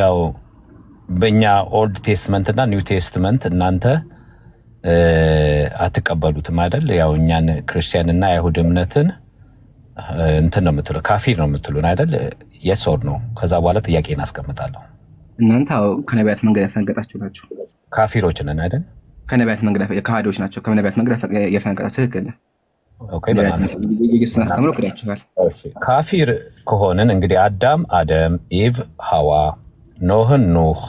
ያው በእኛ ኦልድ ቴስትመንት እና ኒው ቴስትመንት እናንተ አትቀበሉትም አይደል? ያው እኛን ክርስቲያንና አይሁድ እምነትን እንትን ነው የምትሉ ካፊር ነው የምትሉን አይደል? የሶር ነው። ከዛ በኋላ ጥያቄን አስቀምጣለሁ። እናንተ ከነቢያት መንገድ ያፈነገጣችሁ ናቸው። ካፊሮች ነን አይደል? ከነቢያት መንገድ ከሃዲዎች ናቸው። ከነቢያት መንገድ ያፈነገጣችሁ ትክክል። ኢየሱስን አስተምሮ ክዳችኋል። ካፊር ከሆንን እንግዲህ አዳም አደም፣ ኢቭ ሐዋ ኖህን ኖህ፣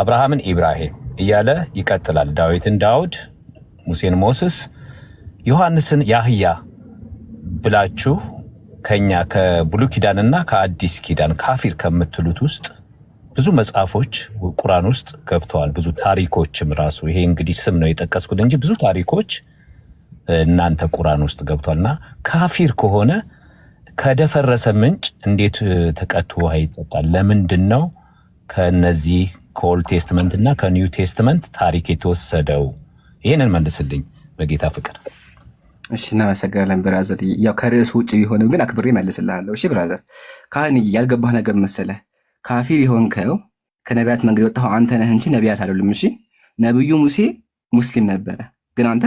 አብርሃምን ኢብራሂም እያለ ይቀጥላል። ዳዊትን ዳውድ፣ ሙሴን ሞስስ፣ ዮሐንስን ያህያ ብላችሁ ከኛ ከብሉይ ኪዳንና ከአዲስ ኪዳን ካፊር ከምትሉት ውስጥ ብዙ መጽሐፎች ቁራን ውስጥ ገብተዋል። ብዙ ታሪኮችም ራሱ ይሄ እንግዲህ ስም ነው የጠቀስኩት እንጂ ብዙ ታሪኮች እናንተ ቁራን ውስጥ ገብቷል እና ካፊር ከሆነ ከደፈረሰ ምንጭ እንዴት ተቀድቶ ውሃ ይጠጣል? ለምንድን ነው ከነዚህ ከኦልድ ቴስትመንት እና ከኒው ቴስትመንት ታሪክ የተወሰደው ይህንን መልስልኝ በጌታ ፍቅር። እሺ እናመሰግናለን ብራዘር። ያው ከርዕሱ ውጭ ቢሆንም ግን አክብሬ መልስልሃለሁ። እሺ ብራዘር፣ ካህን ያልገባህ ነገር መሰለ ካፊር የሆንከው ከነቢያት መንገድ የወጣው አንተ ነህ እንጂ ነቢያት አይደሉም። እሺ ነቢዩ ሙሴ ሙስሊም ነበረ፣ ግን አንተ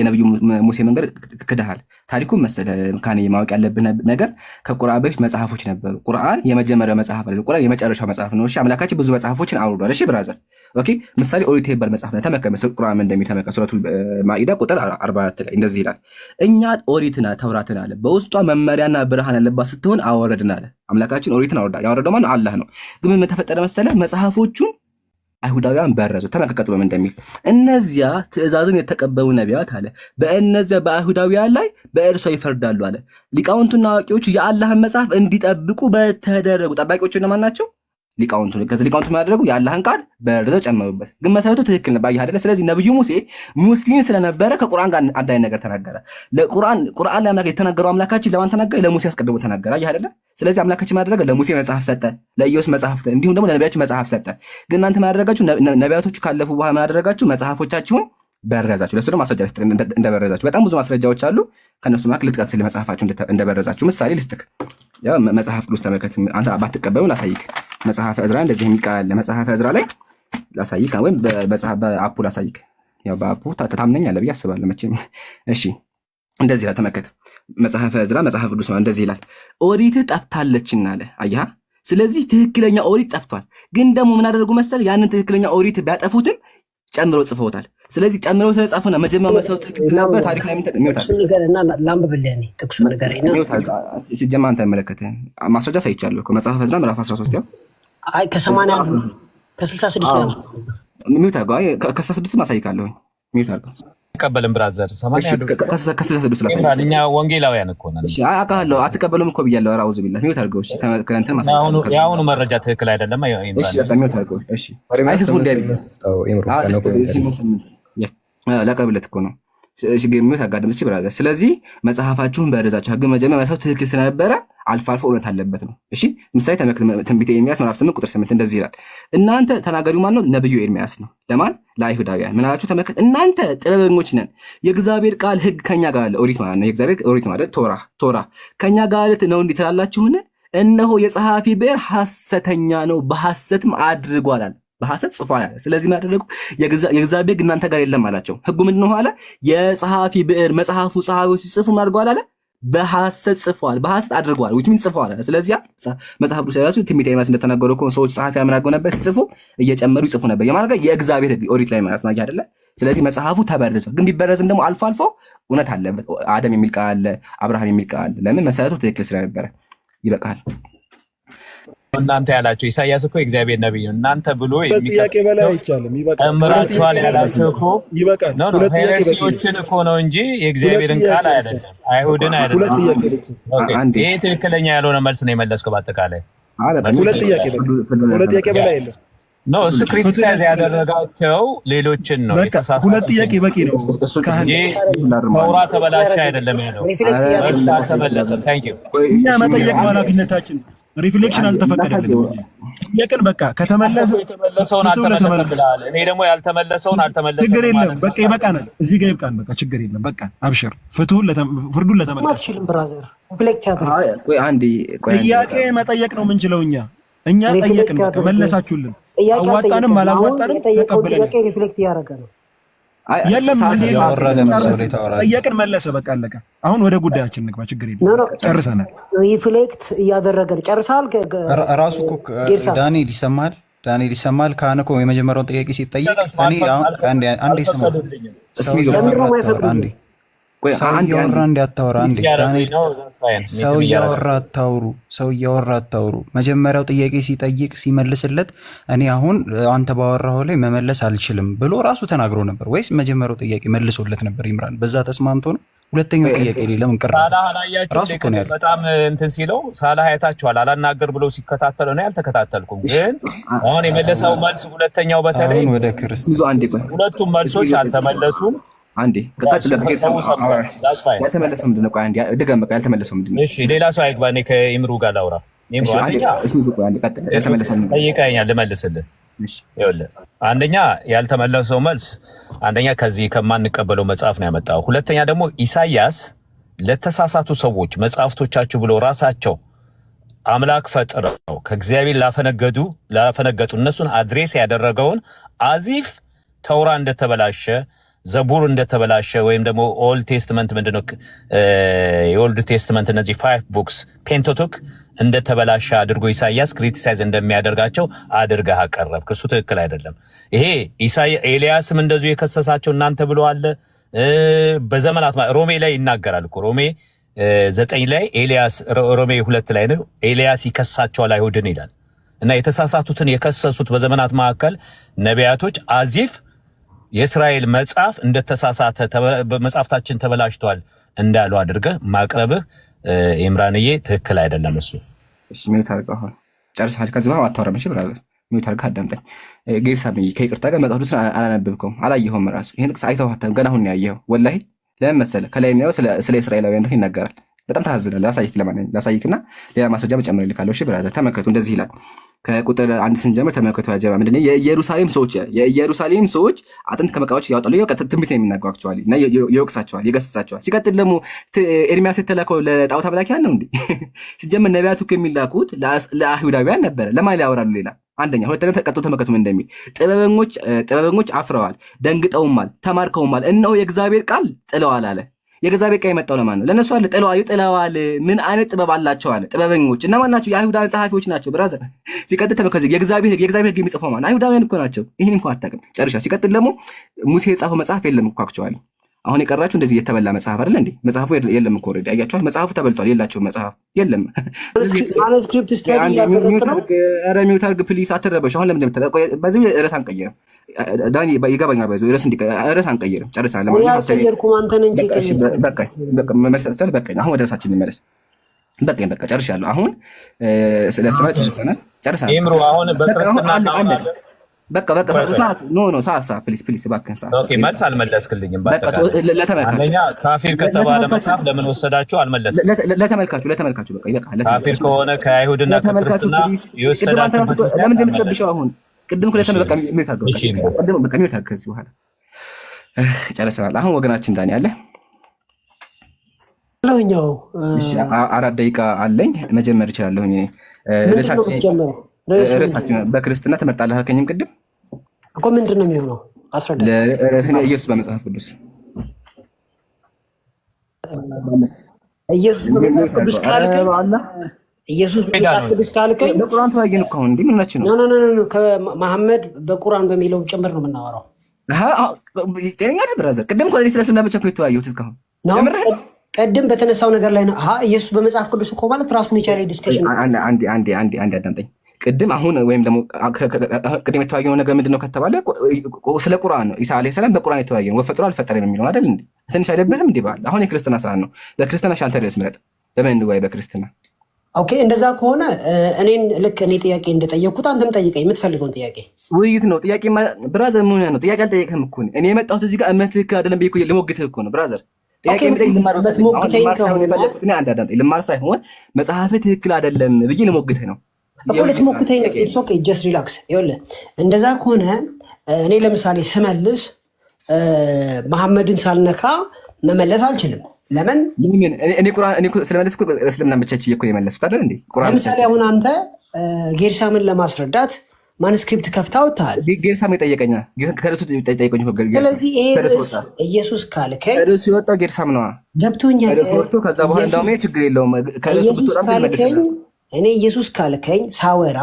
የነቢዩ ሙሴ መንገድ ክድሃል። ታሪኩም መሰለ ምካኔ የማወቅ ያለብን ነገር ከቁርአን በፊት መጽሐፎች ነበሩ። ቁርአን የመጀመሪያው መጽሐፍ አለ፣ ቁርአን የመጨረሻው መጽሐፍ ነው። እሺ አምላካችን ብዙ መጽሐፎችን አውርዷል። እሺ ብራዘር፣ ኦኬ ምሳሌ ኦሪት የሚባል መጽሐፍ ነው። ተመከ መስል ቁርአን እንደሚተመከ ሱረቱል ማኢዳ ቁጥር 44 ላይ እንደዚህ ይላል፣ እኛ ኦሪትና ተውራትን አለ በውስጧ መመሪያና ብርሃን ያለባት ስትሆን አወረድን አለ። አምላካችን ኦሪትን አወረዳ። ያወረደው ማነው? አላህ ነው። ግን ምን ተፈጠረ መሰለ መጽሐፎቹን አይሁዳውያን በረዙ። ተመልከቱ በምን እንደሚል እነዚያ ትእዛዝን የተቀበሉ ነቢያት አለ በእነዚያ በአይሁዳውያን ላይ በእርሷ ይፈርዳሉ አለ። ሊቃውንቱና አዋቂዎቹ የአላህን መጽሐፍ እንዲጠብቁ በተደረጉ ጠባቂዎቹ እነማን ናቸው? ሊቃውንቱ ከዚህ ሊቃውንቱ ያደረጉ የአላህን ቃል በርዘው ጨመሩበት። ግን መሰረቱ ትክክል ነበር አይደለ? ስለዚህ ነብዩ ሙሴ ሙስሊም ስለነበረ ከቁርአን ጋር አንዳንድ ነገር ተናገረ። ለቁርአን ቁርአን ላይ የተናገረው አምላካችን ለማን ተናገረ? ለሙሴ አስቀድሞ ተናገረ። አይ አይደለ? ስለዚህ አምላካችን ማደረገ ለሙሴ መጽሐፍ ሰጠ፣ ለኢዮስ መጽሐፍ እንዲሁም ደግሞ ለነቢያችን መጽሐፍ ሰጠ። ግን እናንተ ማደረጋችሁ ነቢያቶቹ ካለፉ በኋላ ማደረጋችሁ መጽሐፎቻችሁን በረዛችሁ ለሱ ደግሞ ማስረጃ ልስጥክ እንደበረዛችሁ። በጣም ብዙ ማስረጃዎች አሉ። ከነሱ መካከል ልጥቀስ ለመጽሐፋችሁ እንደበረዛችሁ። ምሳሌ ልስጥክ። መጽሐፍ ቅዱስ ተመልከት። አንተ ባትቀበሉ ላሳይክ። መጽሐፈ እዝራ እንደዚህ የሚል ለመጽሐፈ እዝራ ላይ ላሳይክ፣ ወይም በአፑ ላሳይክ። በአፑ ታምነኛለህ ብዬ አስባለሁ መቼም። እሺ እንደዚህ ይላል፣ ተመልከት። መጽሐፈ እዝራ መጽሐፍ ቅዱስ እንደዚህ ይላል፣ ኦሪትህ ጠፍታለችና አለ። አያ ስለዚህ ትክክለኛ ኦሪት ጠፍቷል። ግን ደግሞ ምን አደረጉ መሰል ያንን ትክክለኛ ኦሪት ቢያጠፉትም ጨምረው ጽፈውታል። ስለዚህ ጨምረው ስለጻፉ ነው መጀመሪያ መሰው ትክክለኛበት ታሪክ ላይ የሚጠቅም አንተ መለከተ ማስረጃ ሳይቻለሁ እኮ መጽሐፈ ዕዝራ ምዕራፍ 13 ያው አይ ከሰማንያ ከስልሳ ስድስት ሚውት አድርገው ማሳይካለሁኝ ሚውት አድርገው አትቀበልም ብራዘር፣ እኛ ወንጌላውያን እኮ አውቃለሁ አትቀበሉም እኮ ብያለሁ። ራውዝ ቢላ ሚውት አድርገው። የአሁኑ መረጃ ትክክል አይደለም። ሚውት አድርገው። ህዝቡ እንዲያቢ ለቀብለት እኮ ነው ሲገኙት አጋድመች ብራዘር። ስለዚህ መጽሐፋችሁን በርዛችሁ ህግ መጀመሪያ ሰው ትክክል ስለነበረ አልፎ አልፎ እውነት አለበት ነው። እሺ ምሳሌ ትንቢተ ኤርሚያስ ምዕራፍ ስምንት ቁጥር ስምንት እንደዚህ ይላል። እናንተ ተናጋሪው ማን ነው? ነብዩ ኤርሚያስ ነው። ለማን ለአይሁዳውያን ምን አላችሁ? ተመልከት፣ እናንተ ጥበበኞች ነን፣ የእግዚአብሔር ቃል ህግ ከኛ ጋር አለ። ኦሪት ማለት ነው። የእግዚአብሔር ኦሪት ማለት ቶራ፣ ቶራ ከኛ ጋር ነው እንዲህ ትላላችሁን? እነሆ የጸሐፊ ብዕር ሐሰተኛ ነው፣ በሐሰትም አድርጓል አለ በሐሰት ጽፏል አለ። ስለዚህ ማደረጉ የእግዚአብሔር ሕግ እናንተ ጋር የለም አላቸው። ሕጉ ምንድን ነው አለ? የጸሐፊ ብዕር መጽሐፉ ጸሐፊዎች ሲጽፉ ምን አድርገዋል አለ? በሐሰት ጽፏል፣ በሐሰት አድርገዋል። ዊች ሚን ጽፏል። አለ። ስለዚህ መጽሐፍ ቅዱስ ያሱ ትንቢተ ኤርምያስ እንደተናገሩ እኮ ሰዎች ጸሐፊ ያምናገው ነበር፣ ሲጽፉ እየጨመሩ ይጽፉ ነበር። የማድረጋ የእግዚአብሔር ህግ ኦሪት ላይ ማለት ነው አይደለ? ስለዚህ መጽሐፉ ተበርዟል። ግን ቢበረዝም ደግሞ አልፎ አልፎ እውነት አለበት። አደም የሚል ቃል አለ፣ አብርሃም የሚል ቃል አለ። ለምን መሰረቱ ትክክል ስለነበረ። ይበቃል። እናንተ ያላቸው ኢሳያስ እኮ እግዚአብሔር ነቢይ ነው። እናንተ ብሎ ጥያቄ በላይ አይቻልም። እምራችኋል ያላቸው እኮ ሄሬሲዎችን እኮ ነው እንጂ የእግዚአብሔርን ቃል አይደለም፣ አይሁድን አይደለም። ይህ ትክክለኛ ያልሆነ መልስ ነው የመለስከው። በአጠቃላይ ሁለት ጥያቄ በላይ የለም። ኖ እሱ ክሪቲሳይዝ ያደረጋቸው ሌሎችን ነው። ሁለት ጥያቄ በቂ ነው። ተውራ ተበላቸ አይደለም ያለው አልተመለሰም። እኛ መጠየቅ ኃላፊነታችን ሪፍሌክሽን አልተፈቀደልኝም። የቀን በቃ ከተመለሰ የተመለሰውን አልተመለሰም። እኔ ደግሞ ያልተመለሰውን አልተመለሰም። ችግር የለም በቃ ይበቃናል። እዚህ ጋር ይብቃን። በቃ ችግር የለም በቃ አብሽር። ፍትሁን ፍርዱን ለተመለሰ መጠየቅ ነው የምንችለው እኛ እኛ ጠየቅን። በቃ መለሳችሁልን። አዋጣንም አላዋጣንም ተቀብለን ሪፍሌክት ያደርጋል የለም ጠየቅን፣ መለሰ። በቃ አለቀ። አሁን ወደ ጉዳያችን ንግባ። ችግር የለም ጨርሰናል። ሪፍሌክት እያደረገን ጨርሳል። ራሱ ዳንኤል ይሰማል፣ ዳንኤል ይሰማል። ካህን እኮ የመጀመሪያውን ጥያቄ ሲጠይቅ እኔ አንዴ ይሰማል። ሰውያወራ ሰው እያወራ አታውሩ፣ ሰው እያወራ አታውሩ። መጀመሪያው ጥያቄ ሲጠይቅ ሲመልስለት እኔ አሁን አንተ ባወራኸው ላይ መመለስ አልችልም ብሎ ራሱ ተናግሮ ነበር ወይስ መጀመሪያው ጥያቄ መልሶለት ነበር? ይምራን በዛ ተስማምቶ ነው። ሁለተኛው ጥያቄ ሌለም ቅር ራሱ በጣም እንትን ሲለው ሳላ ያታችኋል አላናገር ብሎ ሲከታተለው ነው ያልተከታተልኩም። ግን አሁን የመለሰው መልስ ሁለተኛው በተለይ ወደ ክርስቶስ ሁለቱም መልሶች አልተመለሱም። አንዴ ያልተመለሰው ምንድን ነው? ድገም። ያልተመለሰው ምንድን ነው? ሌላ ሰው አይግባ። እኔ ከኢምሩ ጋር ላውራ። ጠይቀኸኛል፣ ልመልስልህ። አንደኛ ያልተመለሰው መልስ አንደኛ ከዚህ ከማንቀበለው መጽሐፍ ነው ያመጣው። ሁለተኛ ደግሞ ኢሳያስ ለተሳሳቱ ሰዎች መጽሐፍቶቻችሁ ብሎ ራሳቸው አምላክ ፈጥረው ከእግዚአብሔር ላፈነገዱ ላፈነገጡ እነሱን አድሬስ ያደረገውን አዚፍ ተውራ እንደተበላሸ ዘቡር እንደተበላሸ ወይም ደግሞ ኦልድ ቴስትመንት ምንድነው የኦልድ ቴስትመንት እነዚህ ፋይቭ ቡክስ ፔንቶቶክ እንደተበላሸ አድርጎ ኢሳያስ ክሪቲሳይዝ እንደሚያደርጋቸው አድርገህ አቀረብ። እሱ ትክክል አይደለም። ይሄ ኤልያስም እንደዚሁ የከሰሳቸው እናንተ ብለዋል። በዘመናት ሮሜ ላይ ይናገራል እኮ ሮሜ ዘጠኝ ላይ ኤልያስ ሮሜ ሁለት ላይ ነው ኤልያስ ይከሳቸዋል አይሁድን ይላል እና የተሳሳቱትን የከሰሱት በዘመናት መካከል ነቢያቶች አዚፍ የእስራኤል መጽሐፍ እንደተሳሳተ መጽሐፍታችን ተበላሽቷል እንዳሉ አድርገህ ማቅረብህ ኤምራንዬ ትክክል አይደለም። እሱ ሚዩት አድርገዋል። ጨርሰሃል። ከዚህ በኋላ አታወራም። እሺ ሚዩት አድርገህ አዳምጠኝ። ጌርሳ ከይቅርታ ጋር መጽሐፍቱን አላነበብከውም፣ አላየኸውም። ራሱ ይህን ጥቅስ አይተኸው ገና አሁን ያየኸው። ወላሂ ለምን መሰለህ? ከላይ የሚያየው ስለ እስራኤላውያን ይናገራል በጣም ታዝናል። ላሳይክ ላሳይክና ሌላ ማስረጃ መጨመር ይልካለሁ። እሺ ብራዘር ተመልከቱ፣ እንደዚህ ይላል ከቁጥር አንድ ስንጀምር ተመልከቱ። ያጀባ ምንድን የኢየሩሳሌም ሰዎች የኢየሩሳሌም ሰዎች አጥንት ከመቃዎች ያወጣሉ። ትንቢት ነው የሚናገራቸዋል እና ይወቅሳቸዋል፣ ይገስጻቸዋል። ሲቀጥል ደግሞ ኤርሚያስ የተላከው ለጣዖት አምላኪያን ነው እንዴ? ሲጀምር ነቢያቱ የሚላኩት ለአይሁዳውያን ነበረ። ለማን ያወራሉ ሌላ አንደኛ ሁለተኛ ተቀጥሎ ተመከቱም እንደሚል ጥበበኞች ጥበበኞች አፍረዋል፣ ደንግጠውማል፣ ተማርከውማል። እነሆ የእግዚአብሔር ቃል ጥለዋል አለ የገዛ ቤት ቃል የመጣው ለማን ነው? ለእነሱ አለ ጥለዋል፣ ይጥለዋል። ምን አይነት ጥበብ አላቸው አለ። ጥበበኞች እና ማን ናቸው? የአይሁዳን ጸሐፊዎች ናቸው። ብራዘር ሲቀጥል ተመከዚህ የእግዚአብሔር ህግ የእግዚአብሔር ህግ የሚጽፈው ማን? አይሁዳውያን እኮ ናቸው። ይህን እንኳ አታውቅም። ጨርሻ ሲቀጥል ደግሞ ሙሴ የጻፈው መጽሐፍ የለም እኮ አክቸዋል። አሁን የቀራችሁ እንደዚህ የተበላ መጽሐፍ አይደለ እንዴ? መጽሐፉ የለም እኮ ኦልሬዲ አያችኋል። መጽሐፉ ተበልቷል። የላችሁም መጽሐፍ የለም። ኧረ ሚውት አድርግ ፕሊስ፣ አትረበሽ። አሁን ለምን በዚህ ርዕስ አንቀይርም? ዳኒ ይገባኛል። በዚህ ርዕስ ርዕስ አንቀይርም። ጨርሳለሁ። መመለስ ያስቻል። በቃኝ። አሁን ወደ ርዕሳችን እንመለስ። በቃኝ። በቃ ጨርሻለሁ። አሁን ስለ ስራ ጨርሰናል። ጨርሰናል። አሁን በቃ በቃ ሰዓት ኖ ኖ ሰዓት ሰዓት ፕሊስ ፕሊስ እባክህን ሰዓት። ኦኬ ማለት አልመለስክልኝም። በቃ ለተመልካቹ አንደኛ ካፊር ከተባለ መጽሐፍ ለምን ወሰዳችሁ? አልመለስክም። ለተመልካቹ ለተመልካቹ በቃ ይበቃል። ካፊር ከሆነ ከአይሁድና ከክርስትና የወሰዳችሁ ለምን እንደምትለብሸው አሁን ቅድም ሁለት በቃ የሚፈገው ቅድም በቃ የሚወታ ከዚህ በኋላ ጨረሰናል። አሁን ወገናችን ዳን ያለ ለኛው አራት ደቂቃ አለኝ መጀመር እችላለሁ። ርዕሳችን በክርስትና ትመርጣለህ አልከኝም ቅድም እኮ ምንድን ነው የሚሆነው? አስረዳ። ስለ ኢየሱስ በመጽሐፍ ቅዱስ ኢየሱስ በመጽሐፍ ቅዱስ ኢየሱስ በመጽሐፍ ቅዱስ ነው። ኖ ከመሐመድ በቁርአን በሚለው ጭምር ነው የምናወራው። ጤነኛ ብራዘር? ቅድም ስለ ስምና ብቻ የተወያየሁት እስካሁን ቅድም በተነሳው ነገር ላይ ነው። ኢየሱስ በመጽሐፍ ቅዱስ እኮ ማለት ራሱን የቻለ ዲስከሽን። አንዴ አንዴ አንዴ አንዴ አዳምጠኝ ቅድም አሁን ወይም ደግሞ ቅድም የተወያየነው ነገር ምንድነው ከተባለ ስለ ቁርአን ነው። ኢሳ ዓለይሂ ሰላም በቁርአን የተዋየ ነው። ወፈጥሮ አልፈጠረም የሚለው አይደል እንዴ? ትንሽ አይደብህም እንዴ? በዓል አሁን የክርስትና ሰዓት ነው። በክርስትና ሻንተ ድረስ ምረጥ። በምን እንወያይ? በክርስትና ኦኬ። እንደዛ ከሆነ እኔን ልክ እኔ ጥያቄ እንደጠየቅኩት አንተም ጠይቀኝ፣ የምትፈልገውን ጥያቄ። ውይይት ነው ጥያቄ። ብራዘር ምን ነው ጥያቄ? አልጠየቅህም እኮ እኔ የመጣሁት እዚህ ጋር እምነት ትክክል አይደለም ብዬ ልሞግትህ እኮ ነው ብራዘር ልማር ሳይሆን መጽሐፍ ትክክል አይደለም ብዬ ልሞግትህ ነው። እኮ ልትሞክተኝ ነው። ኦኬ ጀስት ሪላክስ። ይኸውልህ እንደዛ ከሆነ እኔ ለምሳሌ ስመልስ መሐመድን ሳልነካ መመለስ አልችልም። ለምን ስለመለስ እስልምና ብቻች እኮ የመለሱት አይደል እንዴ? ለምሳሌ አሁን አንተ ጌርሳምን ለማስረዳት ማንስክሪፕት ከፍታ አውጥተሃል። ጌርሳም ይጠየቀኛል። ስለዚህ ይሄ ርዕስ ኢየሱስ ካልከኝ ርዕሱ የወጣው ጌርሳም ነዋ። ገብቶኛል። ከዛ በኋላ ችግር የለውም ኢየሱስ ካልከኝ እኔ ኢየሱስ ካልከኝ ሳወራ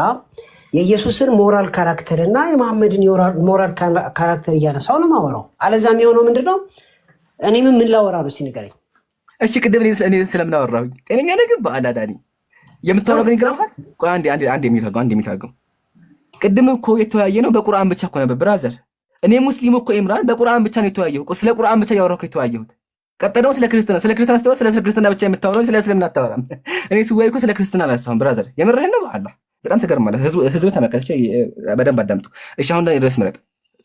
የኢየሱስን ሞራል ካራክተር እና የመሐመድን ሞራል ካራክተር እያነሳው ነው የማወራው። አለዛ የሚሆነው ምንድን ነው? እኔም ምን ላወራ ነው እስኪ ንገረኝ። እሺ ቅድም እኔ ስለምን ጤነኛ ነህ ግን በአላ ዳኒ የምታወራው ግን ይገርምሃል። አንድ የሚታርገው አንድ የሚታርገው ቅድም እኮ የተወያየ ነው በቁርአን ብቻ እኮ ነበር ብራዘር። እኔ ሙስሊም እኮ ኢምራን በቁርአን ብቻ ነው የተወያየሁ። ስለ ቁርአን ብቻ እያወራሁ የተወያየሁት ቀጣይ ደግሞ ስለ ክርስትና ስለ ክርስትና ስትወራ ስለ ክርስትና ብቻ የምታወራው ስለ እስልምና አታወራም። እኔ ስወያይ እኮ ስለ ክርስትና አላሳሁም። ብራዘር የምርህን ነው። በኋላ በጣም ትገርማለህ። ህዝብ ተመልከተች በደንብ አዳምጡ። እሺ አሁን ድረስ ምረጥ።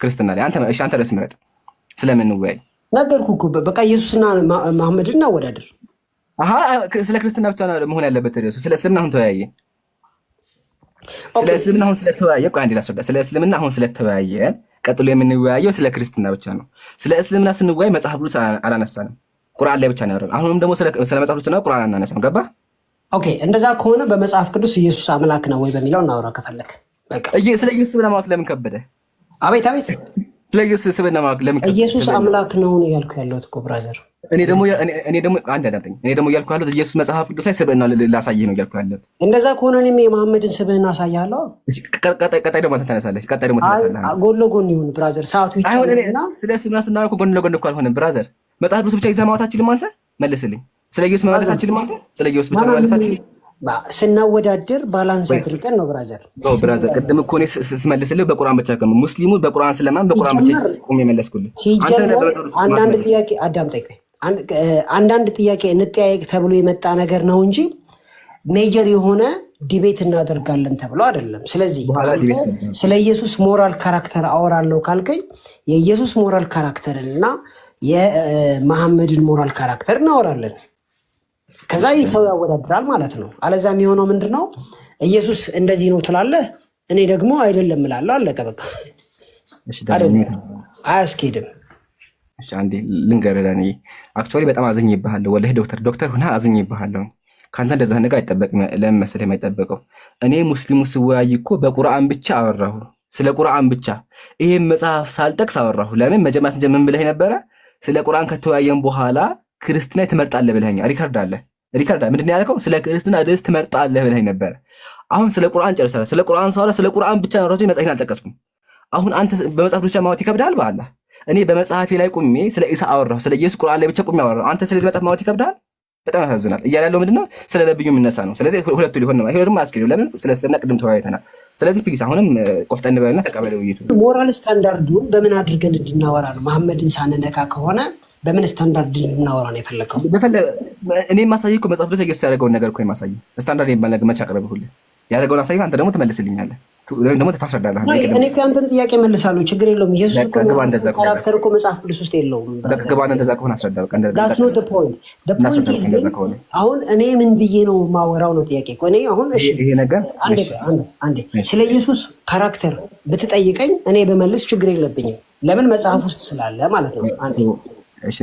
ክርስትና ላይ አንተ ድረስ ምረጥ። ስለምንወያይ ነገርኩህ እኮ በቃ ኢየሱስና መሐመድን እናወዳደር። አሀ ስለ ክርስትና ብቻ መሆን ያለበት ርዕሱ። ስለ እስልምና አሁን ተወያየ። ስለ እስልምና አሁን ስለተወያየ አንዴ ላስረዳ። ስለ እስልምና አሁን ስለተወያየ ቀጥሎ የምንወያየው ስለ ክርስትና ብቻ ነው። ስለ እስልምና ስንወያይ መጽሐፍ ቅዱስ አላነሳንም፣ ቁርአን ላይ ብቻ ነው ያወራነው። አሁንም ደግሞ ስለ መጽሐፍ ቅዱስና ቁርአን አናነሳም። ገባ? ኦኬ። እንደዛ ከሆነ በመጽሐፍ ቅዱስ ኢየሱስ አምላክ ነው ወይ በሚለው እናወራ ከፈለግ። ስለ ኢየሱስ ስብዕና ማወቅ ለምን ከበደ? አቤት አቤት! ስለ ኢየሱስ ስብዕና ማወቅ ለምን ኢየሱስ አምላክ ነው ያልኩ ያለሁት እኮ ብራዘር እኔ ደግሞ እኔ ደግሞ አንድ አዳምጠኝ። እኔ ደግሞ እያልኩ ያለሁት ኢየሱስ መጽሐፍ ቅዱስ ላይ ስብዕና ላሳይህ ነው እያልኩ ያለሁት። እንደዛ ከሆነ እኔም የመሐመድን ስብዕና አሳያለሁ። ቀጣይ ደግሞ ተነሳለች። ቀጣይ ደግሞ ተነሳለህ። ጎን ለጎን ይሁን ብራዘር፣ ሰዓቱ ይቻላልና ስለ ስብዕና ስናወራ እኮ ጎን ለጎን እኮ አልሆነም ብራዘር። መጽሐፍ ቅዱስ ብቻ ይዘህ ማውራት አችልም አንተ። መልስልኝ። ስለ ኢየሱስ መመለስ አችልም አንተ። ስለ ኢየሱስ ብቻ መመለስ አችልም። ስናወዳድር ባላንስ አድርገን ነው ብራዘር። ብራዘር ቅድም እኮ እኔ ስመልስልህ በቁርአን ብቻ ሙስሊሙ በቁርአን ስለማን በቁርአን ብቻ ቁም የመለስኩልህ። አንዳንድ ጥያቄ አዳምጠኝ አንዳንድ ጥያቄ እንጠያየቅ ተብሎ የመጣ ነገር ነው እንጂ ሜጀር የሆነ ዲቤት እናደርጋለን ተብሎ አይደለም። ስለዚህ ስለ ኢየሱስ ሞራል ካራክተር አወራለሁ ካልከኝ የኢየሱስ ሞራል ካራክተርን እና የመሐመድን ሞራል ካራክተር እናወራለን። ከዛ ሰው ያወዳድራል ማለት ነው። አለዛ የሚሆነው ምንድን ነው? ኢየሱስ እንደዚህ ነው ትላለህ፣ እኔ ደግሞ አይደለም እላለሁ። አለቀ በቃ። አያስኬድም። አንዴ ልንገርህ እኔ አክቹዋሊ በጣም አዝኜብሃለሁ። ወላሂ ዶክተር ዶክተር አዝኝ ይባሃለሁ። ከአንተ እንደዛ ነገር አይጠበቅም። ለምን መሰለህ የማይጠበቀው እኔ ሙስሊሙ ስወያይ እኮ በቁርአን ብቻ አወራሁ፣ ስለ ቁርአን ብቻ ይሄን መጽሐፍ ሳልጠቅስ አወራሁ። ለምን መጀመሪያ ስንጀምር ምን ብለህ ነበረ? ስለ ቁርአን ከተወያየን በኋላ ክርስትና ትመርጣለህ ብለኛ፣ ሪከርድ አለ ሪከርድ ምንድን ነው ያልከው? ስለ ክርስትና ርዕስ ትመርጣለህ ብለኝ ነበረ። አሁን ስለ ቁርአን ጨርሰናል። ስለ ቁርአን ሳወራ ስለ ቁርአን ብቻ ነው። መጽሐፍን አልጠቀስኩም። አሁን አንተ በመጽሐፍ ብቻ ማወት ይከብዳል በአላህ እኔ በመጽሐፌ ላይ ቁሜ ስለ ኢሳ አወራሁ፣ ስለ ኢየሱስ ቁርአን ላይ ብቻ ቁሜ አወራሁ። አንተ ስለዚህ መጽሐፍ ማወት ይከብዳል፣ በጣም ያሳዝናል እያለ ያለው ምንድነው? ስለ ነብዩ የምነሳ ነው። ስለዚህ ሁለቱ ሊሆን ነው። ይሄ ደግሞ አስኪሪ ለምን ስለ ስለ ቅድም ተወያይተናል። ስለዚህ ፒስ አሁንም ቆፍጠን በልና ተቀበለ ውይይቱ። ሞራል ስታንዳርዱን በምን አድርገን እንድናወራ ነው? መሐመድን ሳንነካ ከሆነ በምን ስታንዳርድ እንድናወራ ነው የፈለገው? እኔ የማሳየው እኮ መጽሐፍ ድረስ እየሱስ ያደረገውን ነገር እኮ ማሳይ ስታንዳርድ የሚባል ነገር መቼ አቅርብሁልህ? ያደረገውን አንተ ደግሞ ትመልስልኛለህ ደግሞ ታስረዳለህ። እኔ ያንተን ጥያቄ መልሳለሁ። ችግር የለውም። ኢየሱስ ካራክተር እኮ መጽሐፍ ቅዱስ ውስጥ የለውም። ገባ እንደዛ ከሆነ አስረዳ። አሁን እኔ ምን ብዬ ነው ማወራው ነው ጥያቄ እኔ አሁን ይሄ ነገር ስለ ኢየሱስ ካራክተር ብትጠይቀኝ እኔ በመልስ ችግር የለብኝም። ለምን መጽሐፍ ውስጥ ስላለ ማለት ነው።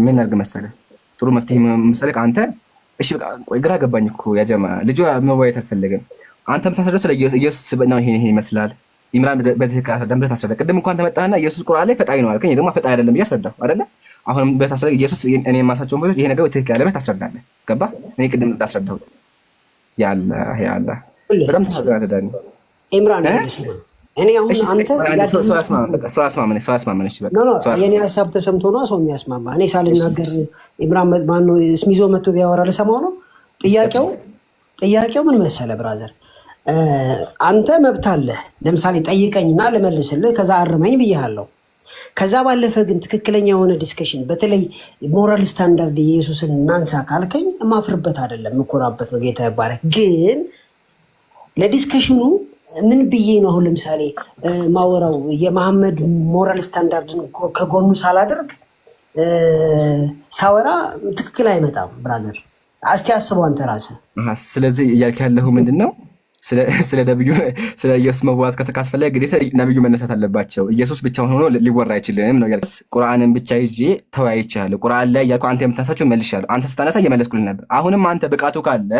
ምን አድርግ መሰለህ፣ ጥሩ መፍትሄ መሰለህ አንተ። እሺ ግራ ገባኝ እኮ ያጀማ ልጇ መዋየት አልፈለገም አንተም የምታስረዳ ስለ ኢየሱስ ስብዕናው ይሄን ይሄን ይመስላል። ኢምራን በደንብ ታስረዳ። ቅድም እንኳን ተመጣህና ኢየሱስ ቁርአን ላይ ፈጣሪ ነው አልከኝ፣ ደግሞ ፈጣሪ አይደለም እያስረዳሁ አይደለ? አሁንም በታስረዳ ኢየሱስ እኔ የማሳቸውን ብሎ ይሄ ነገር ትክክል አይደለም ታስረዳለህ። ገባ? እኔ ቅድም እንዳስረዳሁት ያለ ያለ በጣም ታስረዳለህ። ኢምራን እኔ አሁን አንተ ሰው ያስማማኝ ሰው ያስማማኝ እሺ፣ በቃ የኔ ሀሳብ ተሰምቶ ነው ሰው የሚያስማማ። እኔ ሳልናገር ኢምራን ማነው ስሚዞ መጥቶ ቢያወራ ልሰማው ነው። ጥያቄው ጥያቄው ምን መሰለ ብራዘር አንተ መብት አለህ። ለምሳሌ ጠይቀኝና ልመልስልህ፣ ከዛ አርመኝ ብያሃለሁ። ከዛ ባለፈ ግን ትክክለኛ የሆነ ዲስከሽን በተለይ ሞራል ስታንዳርድ የኢየሱስን እናንሳ ካልከኝ እማፍርበት አይደለም፣ የምኮራበት ነው። ጌታ ይባረክ። ግን ለዲስከሽኑ ምን ብዬ ነው አሁን ለምሳሌ ማወራው የመሐመድ ሞራል ስታንዳርድን ከጎኑ ሳላደርግ ሳወራ ትክክል አይመጣም። ብራዘር፣ እስቲ አስበው አንተ ራስህ። ስለዚህ እያልክ ያለሁ ምንድን ነው ስለ ነብዩ ስለ ኢየሱስ መዋት ከተካስፈለገ ግዴታ ነብዩ መነሳት አለባቸው። ኢየሱስ ብቻውን ሆኖ ሊወራ አይችልም ነው ያልኩት። ቁርአንን ብቻ ይዤ ተወያይቻለሁ። ቁርአን ላይ እያልኩ አንተ የምታነሳቸው መልሻለሁ። አንተ ስታነሳ እየመለስኩልህ ነበር። አሁንም አንተ ብቃቱ ካለ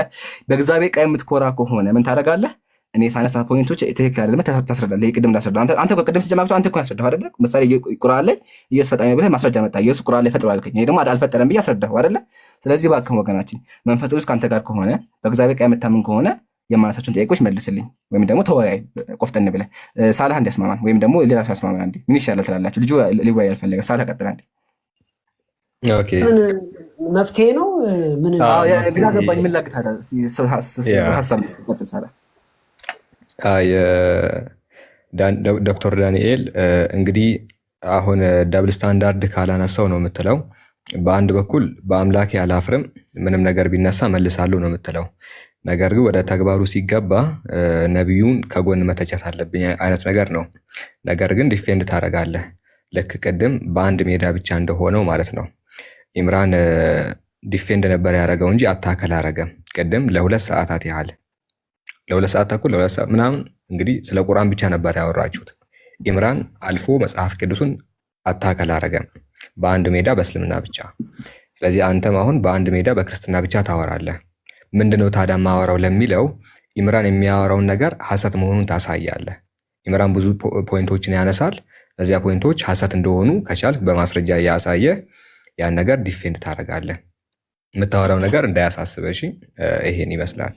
በእግዚአብሔር ቃል የምትኮራ ከሆነ ምን ታደርጋለህ? እኔ ሳነሳ ፖይንቶች ትክክል አይደለም ታስረዳለህ። ይሄ ቅድም እንዳስረዳ አንተ ቅድም ስጀማቅቶ አንተ እኮ ያስረዳሁ አይደለ? ምሳሌ ቁርአን ላይ ኢየሱስ ፈጣሪ ብለህ ማስረጃ መጣ። ኢየሱስ ቁርአን ላይ ፈጥሮ አልከኝ፣ ደግሞ አልፈጠረም ብዬ አስረዳሁ አይደለ? ስለዚህ እባክህ ወገናችን መንፈስ ቅዱስ ከአንተ ጋር ከሆነ በእግዚአብሔር ቃል የምታምን ከሆነ የማነሳቸውን ጥያቄዎች መልስልኝ ወይም ደግሞ ተወያይ ቆፍጠን ብለ ሳላህ እንዲያስማማን ወይም ደግሞ ሌላ ሰው ያስማማን። አንዴ ምን ይሻላል ትላላችሁ? ልጁ ሊወያይ ያልፈለገ ሳላህ ቀጥላ አንዴ መፍትሄ ነው ምን ገባኝ። ምን ላግታ ሀሳብ ቀጥል ሳላህ። ዶክተር ዳንኤል እንግዲህ አሁን ደብል ስታንዳርድ ካላነሳው ነው የምትለው። በአንድ በኩል በአምላኬ አላፍርም ምንም ነገር ቢነሳ መልሳለሁ ነው የምትለው ነገር ግን ወደ ተግባሩ ሲገባ ነቢዩን ከጎን መተቸት አለብኝ አይነት ነገር ነው። ነገር ግን ዲፌንድ ታደርጋለህ ልክ ቅድም በአንድ ሜዳ ብቻ እንደሆነው ማለት ነው። ኢምራን ዲፌንድ ነበር ያደረገው እንጂ አታከል አረገም። ቅድም ለሁለት ሰዓታት ያህል ለሁለት ሰዓት ተኩል ለሁለት ሰዓት ምናምን እንግዲህ ስለ ቁርአን ብቻ ነበር ያወራችሁት። ኢምራን አልፎ መጽሐፍ ቅዱሱን አታከል አረገም በአንድ ሜዳ በእስልምና ብቻ። ስለዚህ አንተም አሁን በአንድ ሜዳ በክርስትና ብቻ ታወራለህ። ምንድነው ታዲያ ማወራው ለሚለው ኢምራን የሚያወራውን ነገር ሐሰት መሆኑን ታሳያለህ። ኢምራን ብዙ ፖይንቶችን ያነሳል። እነዚያ ፖይንቶች ሐሰት እንደሆኑ ከቻልክ በማስረጃ እያሳየ ያን ነገር ዲፌንድ ታደርጋለህ። የምታወራው ነገር እንዳያሳስበ። እሺ፣ ይሄን ይመስላል።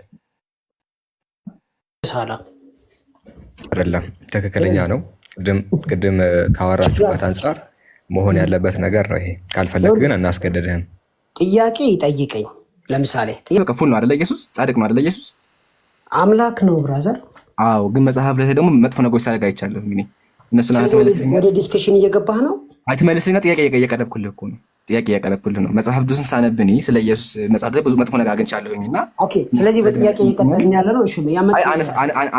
አይደለም ትክክለኛ ነው። ቅድም ካወራችሁበት አንጻር መሆን ያለበት ነገር ነው ይሄ። ካልፈለግ ግን እናስገድድህም። ጥያቄ ይጠይቀኝ ለምሳሌ በቃ ፉል ነው አደለ? ኢየሱስ ጻድቅ ነው አደለ? ኢየሱስ አምላክ ነው ብራዘር። አዎ፣ ግን መጽሐፍ ላይ ደግሞ መጥፎ ነገሮች ሳደግ አይቻለሁ። እንግዲህ እነሱን ወደ ዲስከሽን እየገባህ ነው። አትመልስና ጥያቄ እያቀረብኩልህ እኮ ነው። ጥያቄ እያቀረብኩልህ ነው። መጽሐፍ ቅዱስን ሳነብኒ ስለ ኢየሱስ መጽሐፍ ላይ ብዙ መጥፎ ነገር አግኝቻለሁኝ እና ስለዚህ በጥያቄ እየቀጠልን ያለ ነው።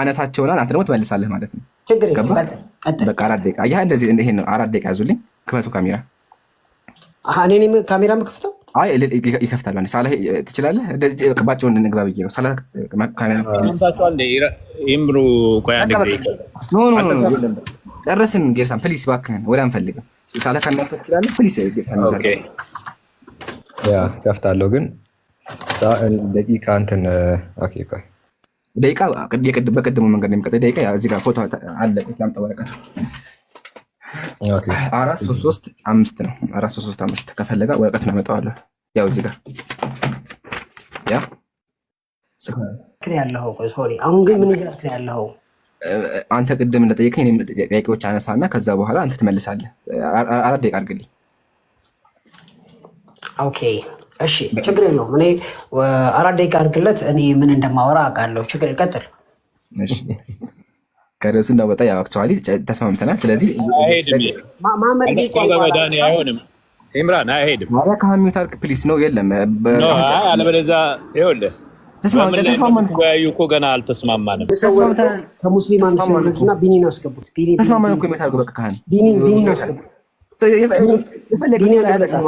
አነታቸውና አንተ ደግሞ ትመልሳለህ ማለት ነው። ችግር በቃ አራት ደቂቃ ይህ እንደዚህ ይሄን ነው። አራት ደቂቃ ያዙልኝ። ክፈቱ ካሜራ። እኔ ካሜራ ምክፍተው አይ ይከፍታል። ሳላ ትችላለህ። እንደዚህ ባጭሩ እንግባ ብዬ ነው። ሳላ ይምሩ ጨረስን። ጌርሳን ፕሊስ እባክህን ወደ አንፈልግም። ሳላ ከሚያልፈት ፕሊስ ጌርሳን ከፍታለሁ፣ ግን ደቂቃ እንትን ደቂቃ በቅድሙ መንገድ ነው ደቂቃ እዚህ ጋር ፎቶ አለ ላምጠ ወረቀት አራት ሶስት ሶስት አምስት ነው። አራት ሶስት ሶስት አምስት ከፈለጋ ወረቀቱን ያው እዚህ ጋር ያ አሁን ግን ምን እያልክ ነው አንተ ቅድም እንደጠየቀኝ ጥያቄዎች ከዛ በኋላ አንተ ትመልሳለህ። አራት ደቂቃ አድርግልኝ። ኦኬ እሺ፣ ችግር የለውም። እኔ አራት ደቂቃ አድርግለት። እኔ ምን እንደማወራ አውቃለሁ። ችግር ቀጥል። ከርዕሱ እንዳወጣ ያው አክቹዋሊ ተስማምተናል። ስለዚህ ኢምራን አይሄድም። ፕሊስ። ነው የለም አለበለዚያ ይኸውልህ እኮ ገና አልተስማማንም። ከሙስሊም ቢኒን አስገቡት። ተስማማን እኮ በቃ ካህን ቢኒን አስገቡት።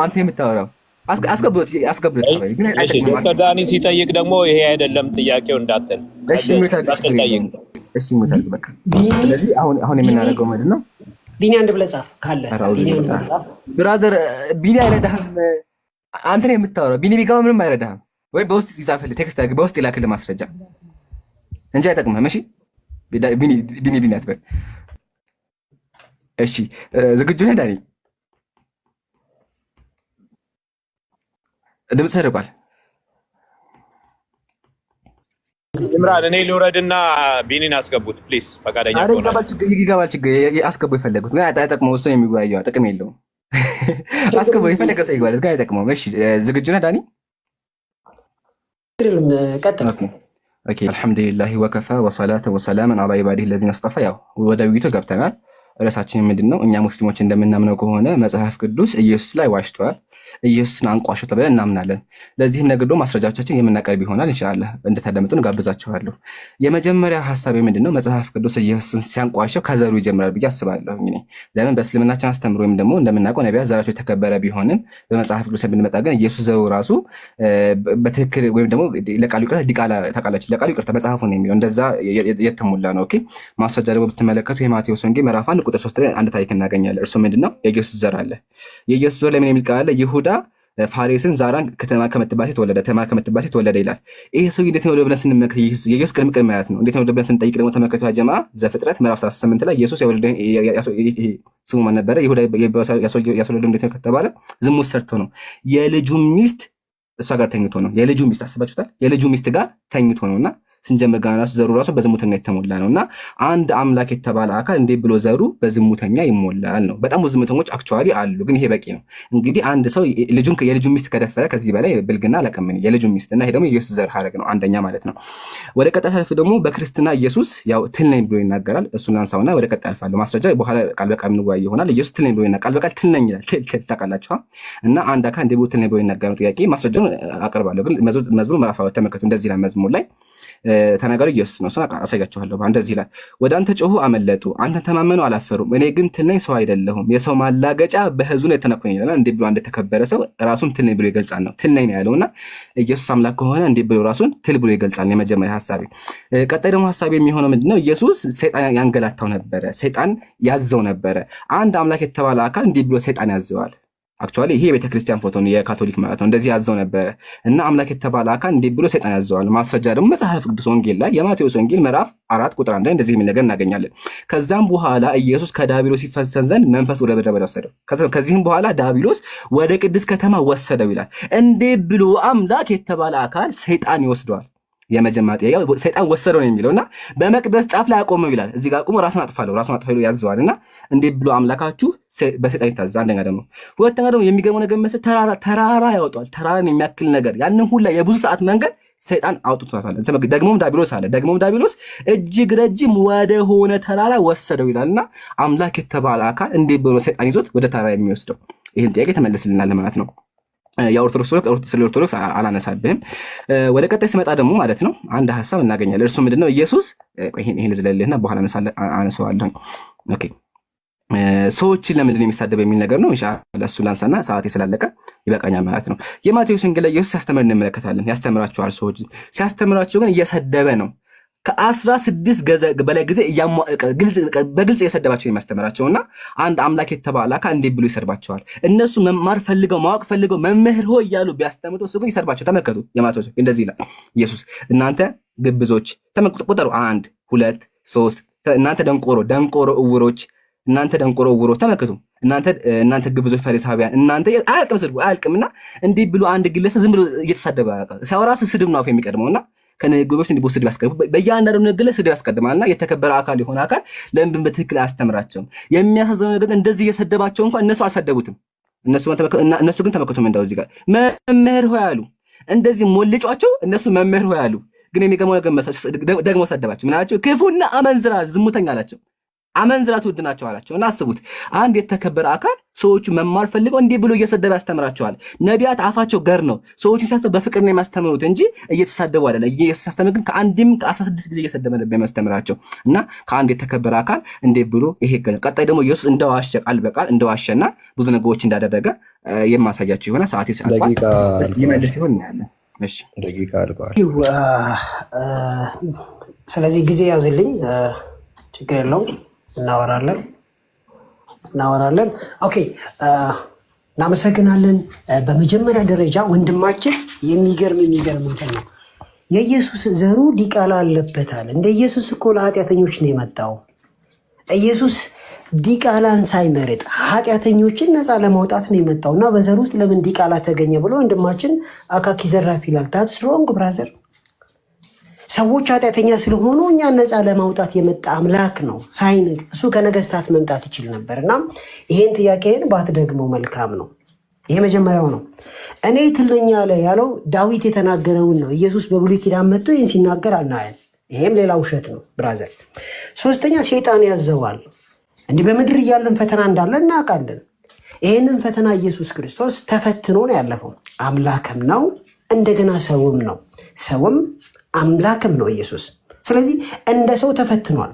አንተ የምታወራው አስገብሎት አስገብሎት ዶክተር ዳኒ ሲጠይቅ ደግሞ ይሄ አይደለም ጥያቄው እንዳትል እሺ ይሞታል። በቃ ስለዚህ አሁን አሁን የምናደርገው ምንድን ነው? ቢኒ አንድ ብለህ ጻፍ ካለ ብራዘር፣ ቢኒ አይረዳህም። አንተ ነው የምታወራው። ቢኒ ቢገባ ምንም አይረዳህም። ወይ በውስጥ ይጻፍልህ፣ ቴክስት አድርገህ በውስጥ ይላክልህ ማስረጃ እንጂ አይጠቅምህም። እሺ ቢኒ ቢኒ አትበል። እሺ ዝግጁ ነህ ዳኒ? ድምፅ ሰድቋል። ምራን እኔ ልውረድና ቢኒን አስገቡት ፕሊዝ። ፈቃደኛ ይገባል። ችግር አስገቡ የፈለጉት ግን አይጠቅመው። እሱ የሚጓየው ጥቅም የለውም። አስገቡ የፈለገ ሰው ይግባለት ግን አይጠቅመውም። እሺ ዝግጁ ነህ ዳኒ? አልሐምዱሊላህ ወከፋ ወሰላተ ወሰላምን አላ ኢባዲህ ለዚነ አስጠፋ። ያው ወደ ውይይቱ ገብተናል። ርዕሳችን ምንድን ነው? እኛ ሙስሊሞች እንደምናምነው ከሆነ መጽሐፍ ቅዱስ ኢየሱስ ላይ ዋሽቷል ኢየሱስን አንቋሾ ተብለን እናምናለን። ለዚህም ነገር ደግሞ ማስረጃዎቻችን የምናቀርብ ይሆናል። እንሻላ እንደተደምጡን ጋብዛችኋለሁ። የመጀመሪያ ሀሳብ ምንድን መጽሐፍ ቅዱስ ኢየሱስን ሲያንቋሸው ከዘሩ ይጀምራል ብዬ አስባለሁ። ለምን በእስልምናችን አስተምሮ ወይም ደግሞ እንደምናውቀው ነቢያት ዘራቸው የተከበረ ቢሆንም በመጽሐፍ ቅዱስ ብንመጣ ግን ኢየሱስ ዘሩ ራሱ በትክክል ወይም ደግሞ ለቃሉ ይቅርታ ዲቃላ ታውቃላችሁ፣ ለቃሉ ይቅርታ መጽሐፉ ነው የሚለው እንደዛ የተሞላ ነው። ኦኬ ማስረጃ ደግሞ ብትመለከቱ የማቴዎስ ወንጌ ምዕራፍ አንድ ቁጥር ሶስት ላይ አንድ ታሪክ እናገኛለን። እርሱ ምንድነው? የኢየሱስ ዘር አለ። የኢየሱስ ዘር ለምን የሚል ቃል አለ ይሁዳ ፋሬስን ዛራን ከተማ ከመትባት የተወለደ ወለደ፣ ተማር ከምትባል ሴት ይላል። ይህ ሰው እንዴት ነው ብለን ስንመለከት የኢየሱስ ቅድም ቅድም ማለት ነው። እንዴት ነው ብለን ስንጠይቅ ደግሞ ተመልከቱ ጀማ ዘፍጥረት ምዕራፍ 38 ላይ ኢየሱስ ስሙ ማን ነበረ? ይሁዳ ያስወለደው እንዴት ነው ከተባለ ዝሙት ሰርቶ ነው። የልጁ ሚስት እሷ ጋር ተኝቶ ነው። የልጁ ሚስት አስባችሁታል? የልጁ ሚስት ጋር ተኝቶ ነውና ስንጀምር ጋር ራሱ ዘሩ ራሱ በዝሙተኛ የተሞላ ነው እና አንድ አምላክ የተባለ አካል እንዴት ብሎ ዘሩ በዝሙተኛ ይሞላል ነው። በጣም ዝሙተኞች አክቹዋሊ አሉ፣ ግን ይሄ በቂ ነው። እንግዲህ አንድ ሰው ልጁን የልጁ ሚስት ከደፈረ ከዚህ በላይ ብልግና አለቀምን። የልጁ ሚስት እና ይሄ ደግሞ የኢየሱስ ዘር ሀረግ ነው አንደኛ ማለት ነው። ወደ ቀጣይ ሰልፍ ደግሞ በክርስትና ኢየሱስ ያው ትል ነኝ ብሎ ይናገራል። እሱን ላንሳውና ወደ ቀጣይ አልፋለሁ። ማስረጃ በኋላ ቃል በቃል ምንወያይ ይሆናል። ኢየሱስ ትል ነኝ ብሎ ይናገራል። ቃል በቃል ትል ነኝ ይላል። ትል ትል ታውቃላችኋ። እና አንድ አካል እንዴት ብሎ ትል ነኝ ብሎ ይናገራል። ጥያቄ ማስረጃውን አቀርባለሁ። ግን መዝሙር ምዕራፍ ተመልከቱ። እንደዚህ ይላል መዝሙር ላይ ተናጋሪ ኢየሱስ ነው። እሱን አሳያችኋለሁ። እንደዚህ ይላል፣ ወደ አንተ ጮሁ፣ አመለጡ፣ አንተን ተማመኑ፣ አላፈሩም። እኔ ግን ትል ነኝ፣ ሰው አይደለሁም፣ የሰው ማላገጫ በህዝቡ ነው የተነኮኝ ይላል። እንዲህ ብሎ አንድ የተከበረ ሰው ራሱን ትል ነኝ ብሎ ይገልጻል ነው ትል ነኝ ነው ያለው እና ኢየሱስ አምላክ ከሆነ እንዲህ ብሎ ራሱን ትል ብሎ ይገልጻል። የመጀመሪያ ሀሳቢ። ቀጣይ ደግሞ ሀሳቢ የሚሆነው ምንድነው? ኢየሱስ ሰይጣን ያንገላታው ነበረ፣ ሰይጣን ያዘው ነበረ። አንድ አምላክ የተባለ አካል እንዲህ ብሎ ሰይጣን ያዘዋል። አክቹዋሊ ይሄ የቤተክርስቲያን ፎቶ ነው፣ የካቶሊክ ማለት ነው። እንደዚህ ያዘው ነበረ እና አምላክ የተባለ አካል እንዲህ ብሎ ሰይጣን ያዘዋል። ማስረጃ ደግሞ መጽሐፍ ቅዱስ ወንጌል ላይ የማቴዎስ ወንጌል ምዕራፍ አራት ቁጥር አንድ እንደዚህ የሚል ነገር እናገኛለን። ከዛም በኋላ ኢየሱስ ከዳቢሎስ ይፈሰን ዘንድ መንፈስ ወደ ምድረ በዳ ወሰደው፣ ከዚህም በኋላ ዳቢሎስ ወደ ቅድስት ከተማ ወሰደው ይላል። እንዲህ ብሎ አምላክ የተባለ አካል ሰይጣን ይወስደዋል። የመጀመሪያ ጥያቄ ሰይጣን ወሰደው ነው የሚለው እና በመቅደስ ጫፍ ላይ አቆመው ይላል። እዚህ ጋር አቆመው ራሱን አጥፋለሁ ራሱን አጥፋ ያዘዋል። እና እንዴት ብሎ አምላካችሁ በሰይጣን ይታዘዝ። አንደኛ ደግሞ ሁለተኛ ደግሞ የሚገመው ነገር መሰለህ ተራራ ተራራ ያወጣዋል። ተራራን የሚያክል ነገር ያንን ሁላ የብዙ ሰዓት መንገድ ሰይጣን አውጥቷታል። ደግሞም ዳቢሎስ አለ ደግሞም ዳቢሎስ እጅግ ረጅም ወደ ሆነ ተራራ ወሰደው ይላል እና አምላክ የተባለ አካል እንዴት ብሎ ሰይጣን ይዞት ወደ ተራራ የሚወስደው ይህን ጥያቄ ተመለስልናል ማለት ነው። የኦርቶዶክስ ኦርቶዶክስ አላነሳብህም። ወደ ቀጣይ ስመጣ ደግሞ ማለት ነው አንድ ሀሳብ እናገኛለን። እርሱ ምንድነው? ኢየሱስ ይህን ዝለልህና በኋላ አነሳዋለሁ። ኦኬ ሰዎችን ለምንድን የሚሳደብ የሚል ነገር ነው። ኢንሻላህ እሱ ላንሳና ሰዓት ስላለቀ ይበቃኛል ማለት ነው። የማቴዎስ ወንጌል ላይ ኢየሱስ ሲያስተምር እንመለከታለን። ያስተምራቸዋል። ሰዎች ሲያስተምራቸው ግን እየሰደበ ነው ከአስራ ስድስት በላይ ጊዜ በግልጽ እየሰደባቸው የሚያስተምራቸው እና አንድ አምላክ የተባለ አካል እንዴት ብሎ ይሰድባቸዋል? እነሱ መማር ፈልገው ማወቅ ፈልገው መምህር ሆ እያሉ ቢያስተምሩ እሱ ግን ይሰድባቸው። ተመልከቱ። የማቴዎስ እንደዚህ ይላል ኢየሱስ እናንተ ግብዞች ቁጠሩ፣ አንድ ሁለት ሶስት እናንተ ደንቆሮ ደንቆሮ እውሮች እናንተ ደንቆሮ እውሮች ተመልከቱ እናንተ ግብዞች ፈሪሳውያን፣ እናንተ አያልቅም፣ ስድቡ አያልቅም። እና እንዲህ ብሎ አንድ ግለሰብ ዝም ብሎ እየተሳደበ ያውቃል። ሲያወራ ስድብ ነው አፉ የሚቀድመው እና ከንግግሮች እንዲ ስድብ ያስቀድሙ። በእያንዳንዱ ንግግር ላይ ስድብ ያስቀድማል እና የተከበረ አካል የሆነ አካል ለምን በትክክል አያስተምራቸውም? የሚያሳዝነው ነገር እንደዚህ እየሰደባቸው እንኳ እነሱ አልሰደቡትም። እነሱ ግን ተመከቱ እንዳው እዚህ ጋር መምህር ሆይ አሉ። እንደዚህ ሞልጯቸው እነሱ መምህር ሆይ አሉ። ግን የሚገመው ነገር ደግሞ ሰደባቸው። ምናቸው ክፉና አመንዝራ ዝሙተኛ አላቸው። አመንዝራት ውድ ናቸው አላቸው እና አስቡት፣ አንድ የተከበረ አካል ሰዎቹ መማር ፈልገው እንዲህ ብሎ እየሰደበ ያስተምራቸዋል። ነቢያት አፋቸው ገር ነው። ሰዎቹ ሲያስተው በፍቅር ነው የሚያስተምሩት እንጂ እየተሳደቡ አለ ኢየሱስ ሲያስተምር ግን ከአንድም ከአስራ ስድስት ጊዜ እየሰደበ ነበር የሚያስተምራቸው እና ከአንድ የተከበረ አካል እንዲህ ብሎ ይሄ ገለ ቀጣይ ደግሞ ኢየሱስ እንደዋሸ ቃል በቃል እንደዋሸና ብዙ ነገሮች እንዳደረገ የማሳያቸው የሆነ ሰዓት ሲያልቋል ይመልስ ሲሆን እናያለን። ስለዚህ ጊዜ ያዝልኝ ችግር የለውም። እናወራለን እናወራለን። ኦኬ እናመሰግናለን። በመጀመሪያ ደረጃ ወንድማችን የሚገርም የሚገርም እንትን ነው። የኢየሱስ ዘሩ ዲቃላ አለበታል። እንደ ኢየሱስ እኮ ለኃጢአተኞች ነው የመጣው። ኢየሱስ ዲቃላን ሳይመርጥ ኃጢአተኞችን ነፃ ለማውጣት ነው የመጣው እና በዘሩ ውስጥ ለምን ዲቃላ ተገኘ ብሎ ወንድማችን አካኪ ዘራፍ ይላል። ታትስ ሮንግ ብራዘር ሰዎች ኃጢአተኛ ስለሆኑ እኛ ነፃ ለማውጣት የመጣ አምላክ ነው። ሳይንቅ እሱ ከነገስታት መምጣት ይችል ነበር እና ይሄን ባት ደግሞ መልካም ነው። ይሄ መጀመሪያው ነው። እኔ ትለኛ ላይ ያለው ዳዊት የተናገረውን ነው። ኢየሱስ በብሉይ ኪዳን መጥቶ ይህን ሲናገር አናያል። ይሄም ሌላ ውሸት ነው ብራዘር። ሶስተኛ ሴጣን ያዘዋል። እንዲህ በምድር እያለን ፈተና እንዳለ እናውቃለን። ይህንን ፈተና ኢየሱስ ክርስቶስ ተፈትኖ ነው ያለፈው። አምላክም ነው እንደገና ሰውም ነው። ሰውም አምላክም ነው ኢየሱስ። ስለዚህ እንደ ሰው ተፈትኗል።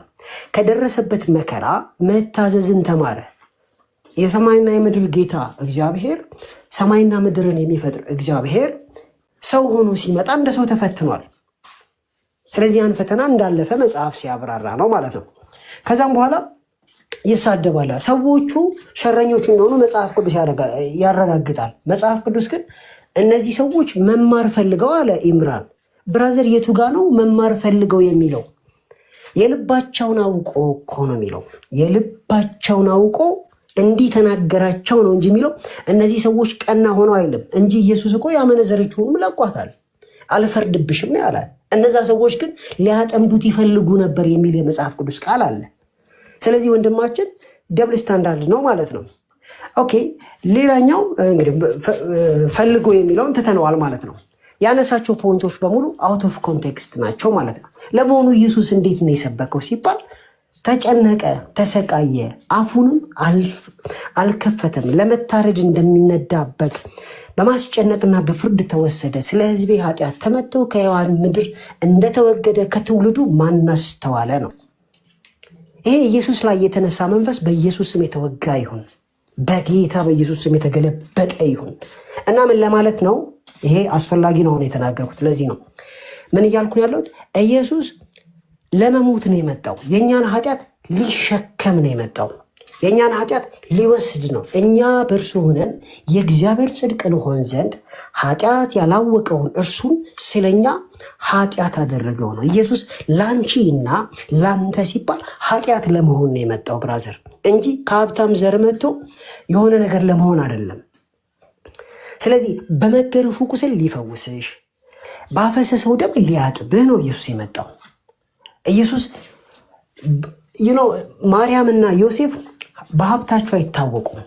ከደረሰበት መከራ መታዘዝን ተማረ። የሰማይና የምድር ጌታ እግዚአብሔር፣ ሰማይና ምድርን የሚፈጥር እግዚአብሔር ሰው ሆኖ ሲመጣ እንደ ሰው ተፈትኗል። ስለዚህ ያን ፈተና እንዳለፈ መጽሐፍ ሲያብራራ ነው ማለት ነው። ከዛም በኋላ ይሳደባል። ሰዎቹ ሸረኞቹ እንደሆኑ መጽሐፍ ቅዱስ ያረጋግጣል። መጽሐፍ ቅዱስ ግን እነዚህ ሰዎች መማር ፈልገው አለ ኢምራን ብራዘር የቱ ጋ ነው መማር ፈልገው የሚለው የልባቸውን አውቆ እኮ ነው የሚለው። የልባቸውን አውቆ እንዲህ ተናገራቸው ነው እንጂ የሚለው እነዚህ ሰዎች ቀና ሆነው አይልም እንጂ ኢየሱስ እኮ ያመነዘረችውንም ለቋታል፣ አልፈርድብሽም ነው ያላት። እነዛ ሰዎች ግን ሊያጠምዱት ይፈልጉ ነበር የሚል የመጽሐፍ ቅዱስ ቃል አለ። ስለዚህ ወንድማችን ደብል ስታንዳርድ ነው ማለት ነው። ኦኬ ሌላኛው እንግዲህ ፈልጎ የሚለውን ትተነዋል ማለት ነው። ያነሳቸው ፖይንቶች በሙሉ አውት ኦፍ ኮንቴክስት ናቸው ማለት ነው። ለመሆኑ ኢየሱስ እንዴት ነው የሰበከው ሲባል ተጨነቀ፣ ተሰቃየ፣ አፉንም አልከፈተም፣ ለመታረድ እንደሚነዳ በግ በማስጨነቅና በፍርድ ተወሰደ፣ ስለ ሕዝቤ ኃጢአት ተመቶ ከሕያዋን ምድር እንደተወገደ ከትውልዱ ማናስተዋለ ነው። ይሄ ኢየሱስ ላይ የተነሳ መንፈስ በኢየሱስ ስም የተወጋ ይሁን፣ በጌታ በኢየሱስ ስም የተገለበጠ ይሁን እና ምን ለማለት ነው ይሄ አስፈላጊ ነው የተናገርኩት ለዚህ ነው። ምን እያልኩ ያለሁት? ኢየሱስ ለመሞት ነው የመጣው። የእኛን ኃጢአት ሊሸከም ነው የመጣው። የእኛን ኃጢአት ሊወስድ ነው። እኛ በእርሱ ሆነን የእግዚአብሔር ጽድቅ ልሆን ዘንድ ኃጢአት ያላወቀውን እርሱን ስለኛ ኃጢአት አደረገው ነው። ኢየሱስ ላንቺ እና ላንተ ሲባል ኃጢአት ለመሆን ነው የመጣው ብራዘር፣ እንጂ ከሀብታም ዘር መጥቶ የሆነ ነገር ለመሆን አይደለም። ስለዚህ በመገረፉ ቁስል ሊፈውስሽ ባፈሰሰው ደም ሊያጥብህ ነው ኢየሱስ የመጣው። ኢየሱስ ማርያምና ዮሴፍ በሀብታቸው አይታወቁም።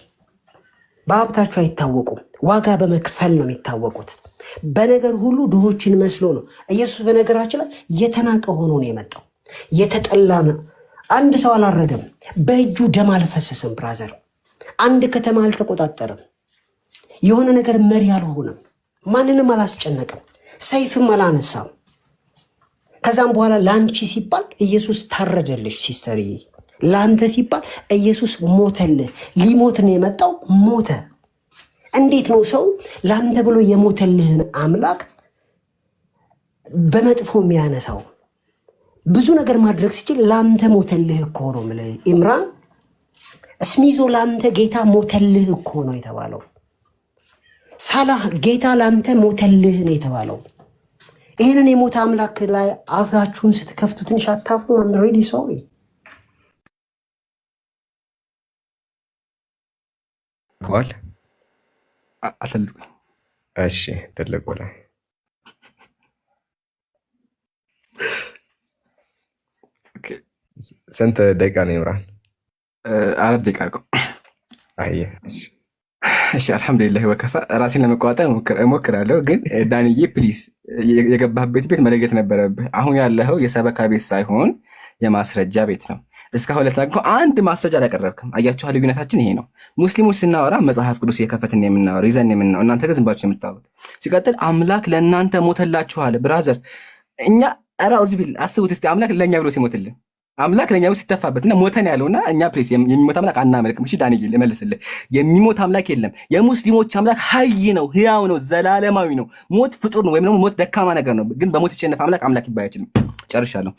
በሀብታቸው አይታወቁም። ዋጋ በመክፈል ነው የሚታወቁት። በነገር ሁሉ ድሆችን መስሎ ነው። ኢየሱስ በነገራችን ላይ የተናቀ ሆኖ ነው የመጣው። የተጠላ ነው። አንድ ሰው አላረደም። በእጁ ደም አልፈሰስም። ብራዘር፣ አንድ ከተማ አልተቆጣጠርም። የሆነ ነገር መሪ አልሆነም። ማንንም አላስጨነቅም። ሰይፍም አላነሳም። ከዛም በኋላ ለአንቺ ሲባል ኢየሱስ ታረደልሽ ሲስተር፣ ለአንተ ሲባል ኢየሱስ ሞተልህ። ሊሞት ነው የመጣው ሞተ። እንዴት ነው ሰው ለአንተ ብሎ የሞተልህን አምላክ በመጥፎ የሚያነሳው? ብዙ ነገር ማድረግ ሲችል ለአንተ ሞተልህ እኮ ነው የምልህ ኢምራን ስሚዞ፣ ለአንተ ጌታ ሞተልህ እኮ ነው የተባለው። ሳላህ ጌታ ለአንተ ሞተልህ ነው የተባለው። ይህንን የሞተ አምላክ ላይ አፋችሁን ስትከፍቱ ትንሽ አታፉ ሬዲ ሰው ል እሺ ትልቁ ላይ ስንት ደቂቃ ነው? ይምራል አራት ደቂቃ አርቀው አየ እሺ አልሐምዱሊላህ ወከፋ። ራሴን ለመቆጣጠር እሞክራለሁ። ግን ዳንዬ ፕሊስ የገባህበት ቤት መለየት ነበረብህ። አሁን ያለኸው የሰበካ ቤት ሳይሆን የማስረጃ ቤት ነው። እስካሁን ለተናገርከው አንድ ማስረጃ አላቀረብክም። አያችሁ ልዩነታችን ይሄ ነው። ሙስሊሞች ስናወራ መጽሐፍ ቅዱስ የከፈትን የምናወራው ይዘን የምናወራው እናንተ ግን ዝም የምታወሩት። ሲቀጥል አምላክ ለእናንተ ሞተላችኋል ብራዘር። እኛ ራ ቢል አስቡት እስቲ አምላክ ለእኛ ብሎ ሲሞትልን አምላክ ለኛ ውስጥ ሲተፋበት እና ሞተን ያለውና እኛ ፕሬስ የሚሞት አምላክ አናመልክም። እሺ ዳንኤል እመልስልህ፣ የሚሞት አምላክ የለም። የሙስሊሞች አምላክ ሀይ ነው፣ ህያው ነው፣ ዘላለማዊ ነው። ሞት ፍጡር ነው ወይም ደግሞ ሞት ደካማ ነገር ነው። ግን በሞት የተሸነፈ አምላክ አምላክ ይባል አይችልም። ጨርሻለሁ።